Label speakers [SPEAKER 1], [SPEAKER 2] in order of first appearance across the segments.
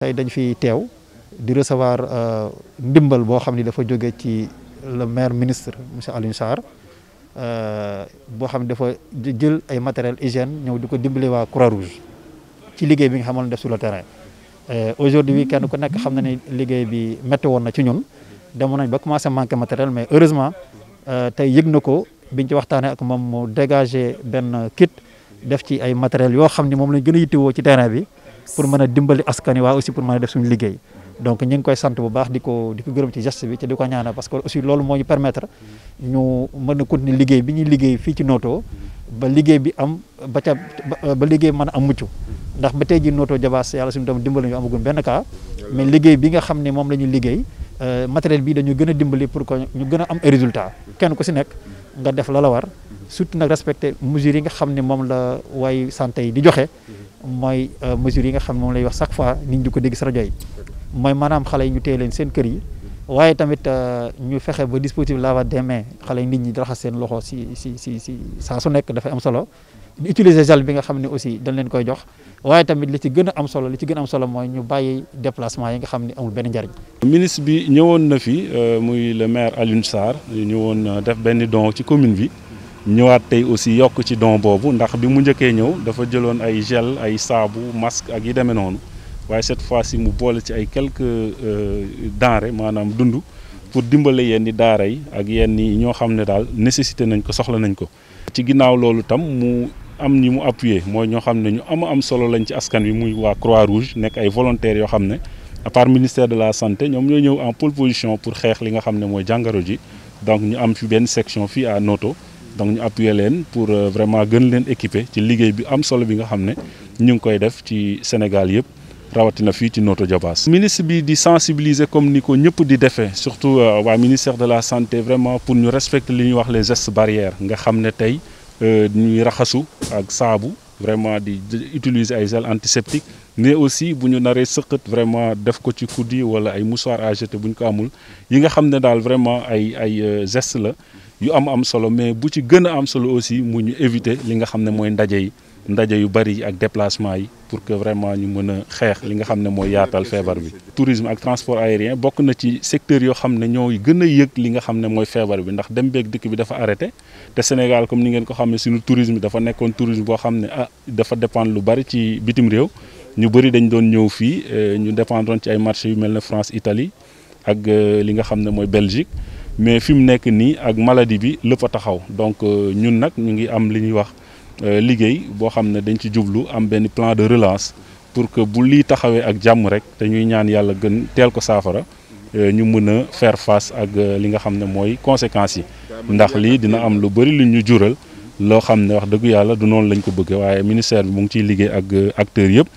[SPEAKER 1] tey dañ fi teew di recevoir euh, ndimbal boo xam ni dafa jóge ci le maire ministre monsieur Alioune Sarr euh, boo xam ni dafa jël ay matériel hygiène ñëw di ko dimbali waa Croix-Rouge ci liggéey bi nga xamoon def su le terrain euh, aujourd'hui kenn ku nekk xam na ni liggéey bi métti woon na ci ñun demoon nañ ba commencé manqué matériel mais heureusement tey yëg na ko biñ ci waxtaanee ak moom mu dégagé benn kit def ci ay matériel yoo xam ni moom lañ gën a ci terrain bi pour mën a dimbali askan wi waaye aussi pour mën a def suñu liggéey donc ñu ngi koy sant bu baax di ko di ko gërëm ci geste bi te di ko ñaanal parce que aussi loolu moo ñu ñu mën a continuer liggéey bi ñuy liggéey fii ci Notto ba liggéey bi am ba ca ba liggéey mën a am mucc ndax ba tey ji Notto Diobass yàlla suñu doom dimbali ñu amagul benn cas mais liggéey bi nga xam ne moom la ñu liggéey euh, matériel bi dañu gën a dimbali pour que ñu gën a am ay résultat kenn ku si nekk nga def la war surtout nag respecter mesures yi nga xam ne moom la waaye santé yi di joxe mooy euh, mesures yi nga xam ne moom lay wax chaque fois nit ñi di ko dégg si rajo mooy maanaam xale yi ñu téye leen seen kër yi waaye tamit euh, ñu fexe ba dispositif lavage des mains xale yi nit ñi di raxas seen loxo si si si si saa su nekk dafay am solo di utiliser gel bi nga xam ne aussi dañ leen koy jox waaye tamit li ci gën a am solo li ci gën a am solo mooy ñu bàyyi déplacement yi nga xam ne amul benn njariñ.
[SPEAKER 2] ministre bi ñëwoon na fi euh, muy le maire Alioune Sarr ñëwoon def benn don ci commune bi. ñëwaat tey aussi yokk ci don boobu ndax bi mu njëkkee ñëw dafa jëloon ay gel ay saabu masque ak yi demee noonu waaye cet fois si mu boole ci ay quelques euh, denrées maanaam dund pour dimbale yenni daara yi ak yenn yi ñoo xam ne daal nécessité nañ ko soxla nañ ko. ci ginnaaw loolu tam mu am ñi mu appuyé mooy ñoo xam ne ñu ama am solo lañ ci askan wi muy waa Croix Rouge nekk ay volontaires yoo xam ne à part ministère de la santé ñoom ñoo ñëw en pole position pour xeex li nga xam ne mooy jàngoro ji donc ñu am fi benn section fii Noto. donc ñu appuyer leen pour euh, vraiment gën leen équiper ci liggéey bi am solo bi nga xam ne ñu ngi koy def ci Sénégal yëpp rawatina fii ci Notto Diobass ministre bi di sensibiliser comme ni ko ñëpp di defee surtout euh, waa ministère de la santé vraiment pour ñu respecter li ñuy wax les gestes barrières nga xam ne tey euh, ñuy raxasu ak saabu vraiment di utiliser ay gel antiseptique mais aussi bu ñu naree sëqat vraiment def ko ci coude wala ay mouchoir à bu ñu ko amul yi nga xam ne daal vraiment ay ay gestes la yu am am solo mais bu ci gën a am solo aussi mu ñu éviter li nga xam ne mooy ndaje yi ndaje yu bari yi ak déplacement yi pour que vraiment ñu mën a xeex li nga xam ne mooy yaatal feebar bi. tourisme ak transport aérien bokk na ci secteur yoo xam ne ñoo gën a yëg li nga xam ne mooy feebar bi ndax dem beeg dikk bi dafa arrêté te Sénégal comme ni ngeen ko xam ne suñu tourisme dafa nekkoon tourisme boo xam ne ah dafa dépendre lu bari ci bitim réew. ñu bëri dañ doon ñëw fii euh, ñu dépendroon ci ay marché yu mel ne France Italie ak euh, li nga xam ne mooy Belgique mais fi mu nekk nii ak maladie bi lu a taxaw donc euh, ñun nag ñu ngi am li ñuy wax euh, liggéey boo xam ne dañ ci jublu am benn plan de relance pour que bu lii taxawee ak jàmm rek te ñuy ñaan yàlla gën teel ko saafara euh, ñu mën a faire face ak li nga xam ne mooy conséquences yi ndax lii dina am lu bëri lu ñu jural loo xam ne wax dëggu yàlla du noonu lañ ko bëggee waaye ministère bi mu ngi ciy liggéey ak acteurs yëpp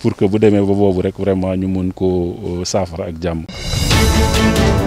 [SPEAKER 2] pour que bu demee ba boobu rek vraiment ñu mën ko saafara ak jàmm